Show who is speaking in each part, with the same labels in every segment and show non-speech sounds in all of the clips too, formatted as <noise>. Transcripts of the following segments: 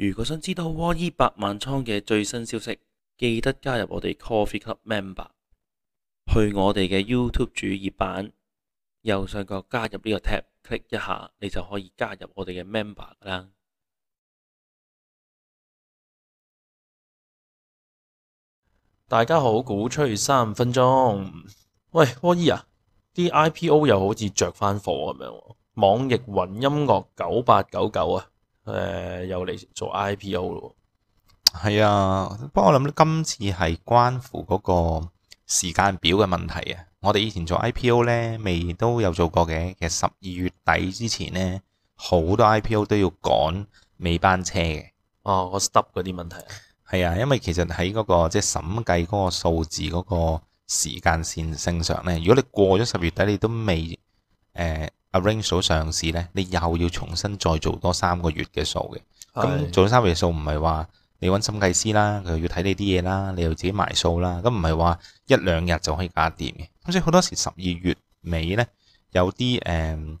Speaker 1: 如果想知道窩伊 e 百萬倉嘅最新消息，記得加入我哋 Coffee Club Member。去我哋嘅 YouTube 主頁版右上角加入呢個 tap，click 一下，你就可以加入我哋嘅 Member 啦。大家好，股吹三分鐘。喂，窩伊啊，啲 IPO 又好似着翻火咁樣，網易雲音樂九八九九啊。誒、呃、又嚟做 IPO 咯，
Speaker 2: 係啊！不過我諗今次係關乎嗰個時間表嘅問題啊！我哋以前做 IPO 呢，未都有做過嘅。其實十二月底之前呢，好多 IPO 都要趕尾班車嘅。哦，我 stop 嗰啲問題。係啊，因為其實喺嗰、那個即係、就是、審計嗰個數字嗰個時間線性上呢。如果你過咗十月底，你都未誒。呃阿 Ring 所上市咧，你又要重新再做多三個月嘅數嘅，咁的做咗三個月數唔係話你揾審計師啦，佢又要睇你啲嘢啦，你又自己埋數啦，咁唔係話一兩日就可以搞掂嘅。咁所以好多時十二月尾咧，有啲誒、嗯、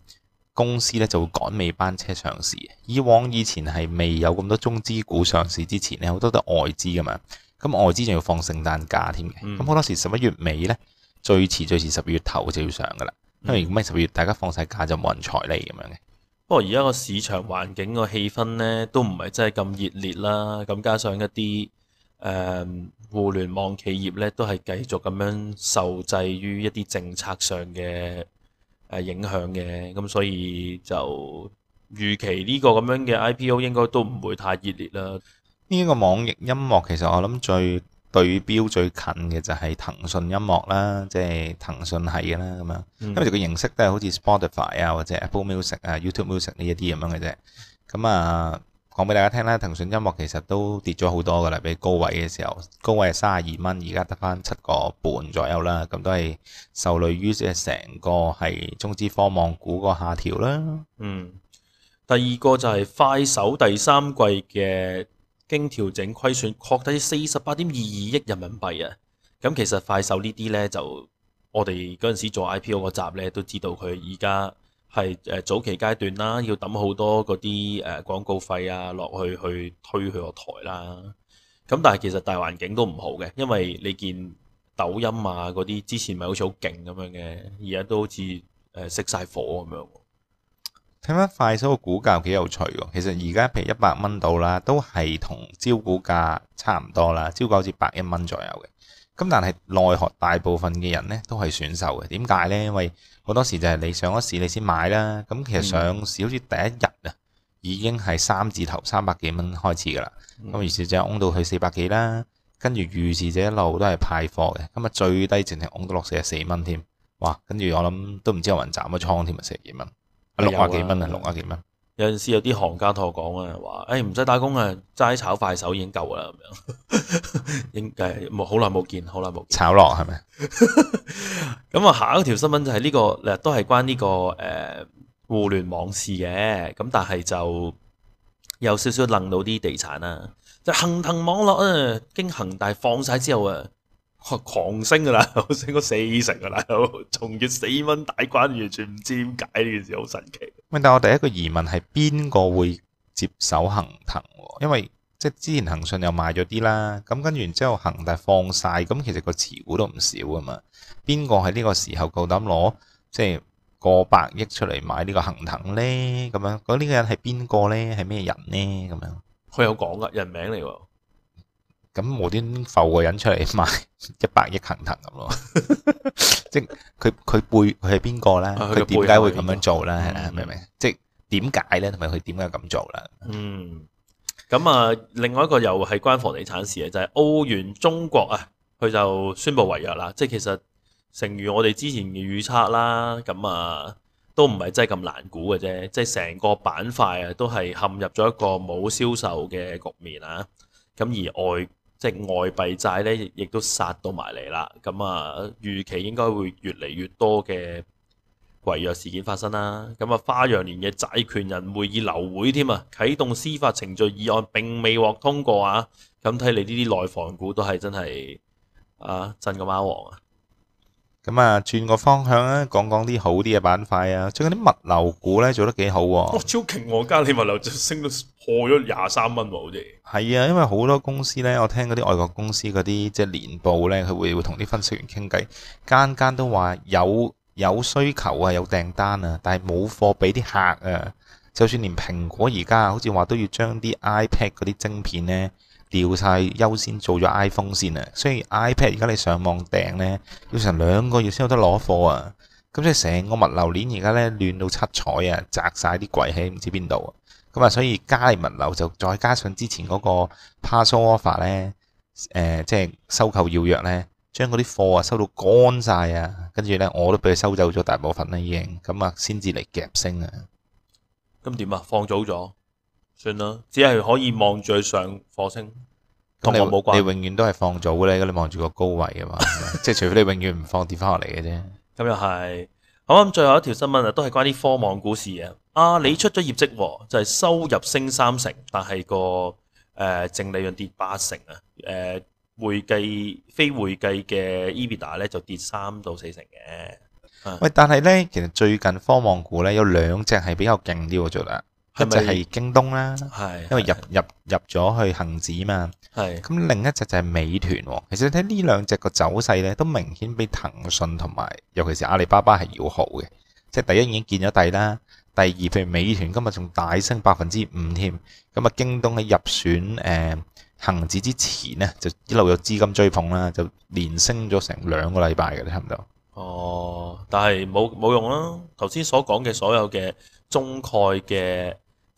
Speaker 2: 公司咧就會趕尾班車上市。以往以前係未有咁多中資股上市之前咧，好多都外資噶嘛，咁外資仲要放聖誕假添嘅，咁好、嗯、多時十一月尾咧，最遲最遲十二月頭就要上噶啦。因為咁樣十月大家放晒假就冇人睬你咁樣嘅。
Speaker 1: 不過而家個市場環境個氣氛呢，都唔係真係咁熱烈啦。咁加上一啲誒、嗯、互聯網企業呢，都係繼續咁樣受制於一啲政策上嘅誒影響嘅。咁、嗯、所以就預期呢個咁樣嘅 IPO 應該都唔會太熱烈啦。
Speaker 2: 呢個網易音樂其實我諗最對標最近嘅就係騰訊音樂啦，即係騰訊係嘅啦咁樣，嗯、因為佢個形式都係好似 Spotify 啊或者 Apple Music 啊、YouTube Music 呢一啲咁樣嘅啫。咁啊，講俾大家聽啦，騰訊音樂其實都跌咗好多噶啦，比高位嘅時候，高位係三十二蚊，而家得翻七個半左右啦，咁都係受累於即係成個係中資科網股個下調啦。嗯，
Speaker 1: 第二個就係快手第三季嘅。經調整虧損擴大至四十八點二二億人民幣啊！咁其實快手呢啲呢，就我哋嗰陣時做 IPO 嗰集呢，都知道佢而家係誒早期階段啦，要抌好多嗰啲誒廣告費啊落去去推佢個台啦。咁但係其實大環境都唔好嘅，因為你見抖音啊嗰啲之前咪好似好勁咁樣嘅，而家都好似誒熄晒火咁樣。
Speaker 2: 睇翻快手嘅股價幾有趣喎，其實而家譬如一百蚊度啦，都係同招股價差唔多啦，招股好似百一蚊左右嘅。咁但係內河大部分嘅人咧都係損手嘅，點解咧？因為好多時就係你上咗市你先買啦，咁其實上市好似第一日啊，已經係三字頭三百幾蚊開始㗎喇。咁預示者掹到去四百幾啦，跟住預示者一路都係派貨嘅，咁啊最低淨係掹到落四十四蚊添，哇！跟住我諗都唔知有冇人斬咗倉添啊，四十四蚊。六啊幾蚊啊，六啊幾蚊。有
Speaker 1: 陣時有啲行家同我講啊，話誒唔使打工啊，齋炒快手已經夠啦，咁樣。應該冇好耐冇見，好耐冇
Speaker 2: 炒落係咪？
Speaker 1: 咁啊、 <laughs> 嗯，下一條新聞就係呢、這個，誒都係關呢、這個誒、呃、互聯網事嘅。咁但係就有少少愣到啲地產啦。就是、恒騰網絡啊，經恒大放晒之後啊。狂升噶啦，升咗四成噶啦，從住四蚊大關，完全唔知點解，呢件事好神奇。
Speaker 2: 咪但我第一個疑問係邊個會接手恒騰？因為即係之前恒信又賣咗啲啦，咁跟完之後恒大放晒，咁其實個持股都唔少噶嘛。邊個喺呢個時候夠膽攞即係過百億出嚟買呢個恒騰呢？咁樣嗰呢個人係邊個呢？係咩人呢？咁樣
Speaker 1: 佢有講噶人名嚟。
Speaker 2: 咁無端浮個人出嚟賣一百億恒騰咁咯，即係佢佢背佢係邊個咧？佢點解會咁樣做咧？係咪明唔明？即係點解咧？同埋佢點解咁做啦？嗯，
Speaker 1: 咁啊，另外一個又係關房地產事嘅就係、是、澳元中國啊，佢就宣布違約啦。即係其實成如我哋之前嘅預測啦，咁啊都唔係真係咁難估嘅啫。即係成個板塊啊，都係陷入咗一個冇銷售嘅局面啊。咁而外。即係外幣債咧，亦都殺到埋嚟啦。咁啊，預期應該會越嚟越多嘅違約事件發生啦、啊。咁啊，花樣年嘅債權人會議流會添啊，啟動司法程序議案並未獲通過啊。咁睇嚟呢啲內房股都係真係啊，震
Speaker 2: 個貓王啊！咁啊，轉個方向啊，講講啲好啲嘅板塊啊，最近啲物流股咧做得幾好喎、
Speaker 1: 啊哦。超勁喎，嘉里物流就升到破咗廿三蚊喎，
Speaker 2: 好似。係啊，因為好多公司咧，我聽嗰啲外國公司嗰啲即係年報咧，佢會會同啲分析員傾偈，間間都話有有需求啊，有訂單啊，但係冇貨俾啲客啊，就算連蘋果而家好似話都要將啲 iPad 嗰啲晶片咧。掉曬優先做咗 iPhone 先啊，所以 iPad 而家你上網訂咧，要成兩個月先有得攞貨啊！咁所以成個物流鏈而家咧亂到七彩啊，擸曬啲櫃喺唔知邊度啊！咁啊，所以嘉里物流就再加上之前嗰個 Parcel Offer 咧，誒即係收購要約咧，將嗰啲貨啊收到乾曬啊，跟住咧我都俾佢收走咗大部分啦已經，咁啊先至嚟夾升啊！
Speaker 1: 咁點啊？放早咗。算啦，只係可以望住佢上火星，
Speaker 2: 同你冇關。你永遠都係放早咧，你望住個高位啊嘛， <laughs> 即係除非你永遠唔放跌翻落嚟嘅啫。
Speaker 1: 咁又係好咁，最後一條新聞啊，都係關於科網股市嘅。阿、啊、里出咗業績，就係、是、收入升三成，但係個誒淨、呃、利潤跌八成啊。誒、呃，會計非會計嘅 EBITDA 咧就跌三到四成嘅。啊、喂，但
Speaker 2: 係咧，其實最近科網股咧有兩隻係比較勁啲做啫。一隻係京東啦，因為入係係係入入咗去恒指嘛，咁係係另一隻就係美團喎。其實睇呢兩隻個走勢咧，都明顯比騰訊同埋尤其是阿里巴巴係要好嘅。即係第一已經見咗底啦，第二譬如美團今日仲大升百分之五添。咁啊，京東喺入選誒、呃、恆指之前咧，就一路有資金追捧啦，就連升咗成兩個禮拜嘅啦，差唔多。
Speaker 1: 哦，但係冇冇用啦。頭先所講嘅所有嘅中概嘅，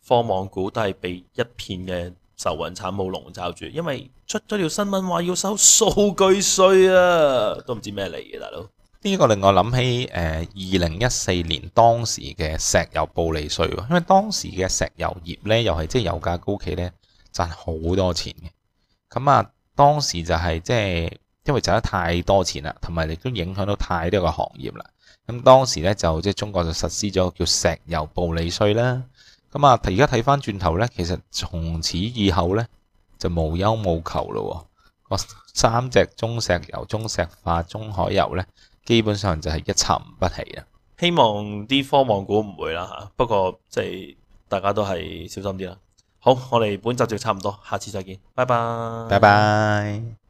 Speaker 1: 科網股都係被一片嘅愁雲慘霧籠罩住，因為出咗條新聞話要收數據稅啊，都唔知咩嚟嘅，大佬。
Speaker 2: 呢個令我諗起誒，二零一四年當時嘅石油暴利稅，因為當時嘅石油業呢又係即係油價高企呢，賺好多錢嘅。咁啊，當時就係、是、即係因為賺得太多錢啦，同埋亦都影響到太多個行業啦。咁當時呢，就即係中國就實施咗叫石油暴利稅啦。咁啊！而家睇翻轉頭呢，其實從此以後呢，就無憂無求咯。個三隻中石油、中石化、中海油呢，基本上就係一沉不起啊！
Speaker 1: 希望啲科網股唔會啦嚇，不過即係大家都係小心啲啦。好，我哋本集就差唔多，下次再見，拜拜，拜
Speaker 2: 拜。